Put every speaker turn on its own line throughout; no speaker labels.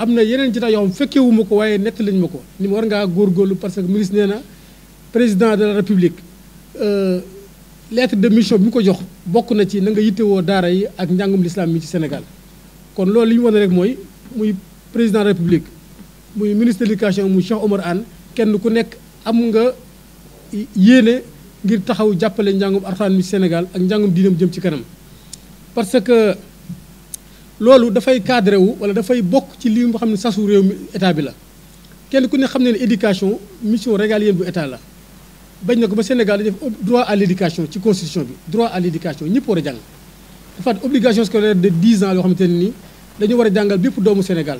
am na yeneen jotaay yoo xam fekkewu ko waaye nett lañ ma ko ni war ngaa góorgóorlu parce que ministre nee na président de la république euh, lettre de mission bi mu ko jox bokk na ci nanga nga yittewoo daara yi ak njàngum lislaam mi ci Sénégal kon loolu li ñu wane rek mooy muy président république muy ministre de l'éducation muy Cheikh Omar Anne kenn ku nekk am nga yéene ngir taxaw jàppale njàngum arxaan mi ci Sénégal ak njàngum diinam jëm ci kanam parce que loolu dafay cadré wu wala dafay bokk ci lii nga xam ne sasu réew mi état bi la kenn ku ne xam ne ne éducation mission régalienne bu état la bañ na ko ba Sénégal def droit à l' ci constitution bi droit à ñëpp war a jàng dafa am obligation scolaire de ans yoo xamante ne nii dañu war a jàngal bépp doomu Sénégal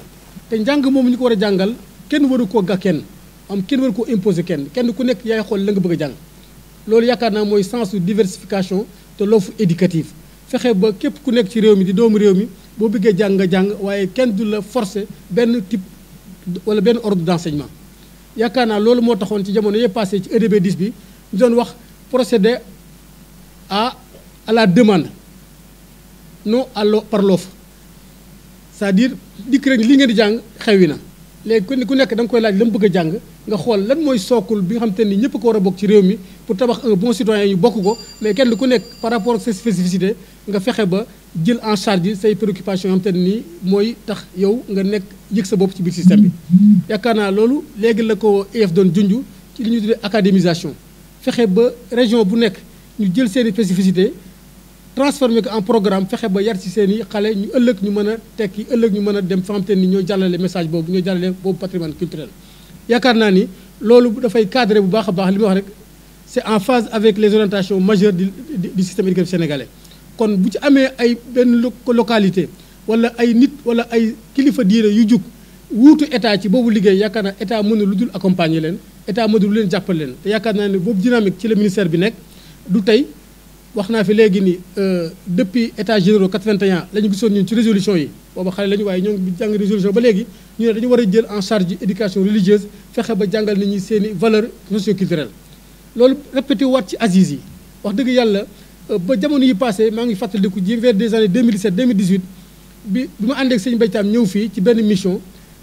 te njàng moom ñu ko war a jàngal kenn waru koo ga kenn am kenn waru ko imposer kenn kenn ku nekk yaay xool la nga bëgg a jàng loolu yaakaar naa mooy sens diversification te l' offre éducative fexe ba képp ku nekk ci réew mi di doomu réew mi boo bëggee jàng nga jàng waaye kenn du la forcer benn type wala benn ordre d'enseignement yaakaar naa loolu moo taxoon ci jamono yëpp passé ci EDB 10 bi ñu doon wax procéder à à la demande non à l' par l'offre sa à dire dikk rek li ngeen di jàng xewi na léegi ku nekk da nga koy laaj la mu bëgg jàng nga xool lan mooy sookul bi nga xam te ni ñëpp ko war a bokk ci réew mi pour tabax un bon citoyen yu bokk ko mais kenn ku nekk par rapport ak sa spécificité nga fexe ba jël en charge say préoccupation yoo nii mooy tax yow nga nekk yëg sa bopp ci biir bi yaakaar naa loolu léegi la ko IEF doon junj ci li ñuy tuddee académisation fexe ba région bu nekk ñu jël seen i spécificité transformé ko fexe ba yar ci seen i xale ñu ëllëg ñu mën a tekki ëllëg ñu mën a dem fa ni ñoo jàllale message boobu ñoo jàllale boobu patrimoine culturel yaakaar naa ni loolu dafay cadré bu baax a baax li ma wax rek c'est en phase avec les orientations majeures du du système éducatif sénégalais kon bu ci amee ay benn localité wala ay nit wala ay kilifa diire yu jug wuutu état ci boobu liggéey yaakaar naa état mën na lu dul accompagner leen état mënul leen jàppal leen te yaakaar naa ne boobu dynamique ci la ministère bi nekk du tey wax naa fi léegi ni euh, depuis état généraux 81 la ñu gisoon ñun ci résolution yi booba xale la waaye ñoo ngi jàng résolution ba léegi ñu ne dañu war a jël en charge éducation religieuse fexe ba jàngal nit ñi seen i valeurs socio-culturelles loolu répété ci Aziz yi wax dëgg yàlla Euh, ba jamono yi passé maa ngi fàttaliku ji vers des années 2017 2018 bi bi ma ànd ak sëñ Baytaam ñëw fii ci benn mission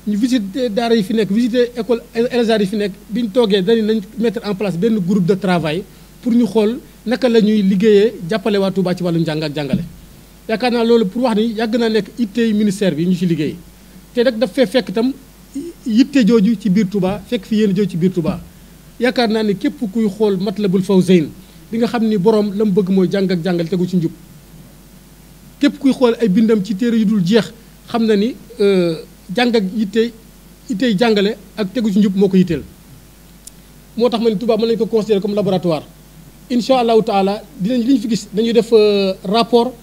ñu visité daara yi fi nekk visité école Elzar yi fi nekk bi ñu toogee dañu nañ mettre en place benn groupe de travail pour ñu xool naka la ñuy liggéeyee jàppale waa Touba ci wàllu njàng ak jàngale yaakaar naa loolu pour wax ni yàgg naa nekk ittey ministère bi ñu ci liggéey te nag daf fee fekk itam yitte jooju ci biir Touba fekk fi yéen jooju ci biir Touba yaakaar naa ne képp kuy xool Matlabul Fawzayni li nga xam ni borom la mu bëgg mooy jàng ak jàngal tegu ci njub képp kuy xool ay bindam ci téere yu dul jeex xam na ni euh, jàng ak yitte yittey jàngale ak tegu ci njub moo ko yitteel moo tax ma ni Touba mën nañu ko considérer comme laboratoire incha allahu taala dinañ li ñu fi gis dañuy def euh, rapport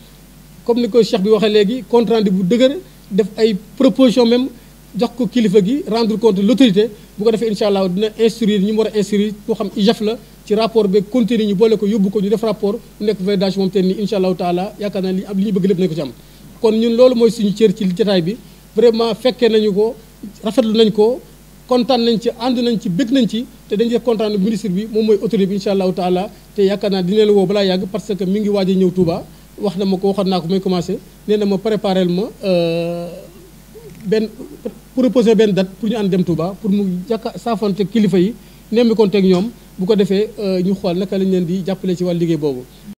comme ni koy cheikh bi waxee léegi compte bu dëgër def ay proposition même jox ko kilifa gi rendre compte l'autorité bu ko defee incha allah dina instruire ñi mu war a instruire koo xam IJEF la ci rapport beeg continué ñu boole ko yóbbu ko ñu def rapport mu nekk validation moom teen nii incha allahu taala yaakaar naa li ñu bëgg lépp nañ ko ci am kon ñun loolu mooy suñu cër ci jotaay bi vraiment fekkee nañu ko rafetlu nañ ko kontaan nañ ci ànd nañ ci bëgg nañ ci te dañ def kontaan ministre bi moom mooy autorité bi incha allahu taala te yaakaar naa dina la woo balaa yàgg parce que mi ngi waaj a ñëw Touba wax na ma ko waxoon naa ko may commencé nee na ma préparel ma euh, benn proposer benn date pour ñu ànd dem Touba pour mu jàkka saafante kilifa yi nemmi konteeg ñoom bu ko defee euh, ñu xool naka lañ leen di jàppale si wàllu liggéey boobu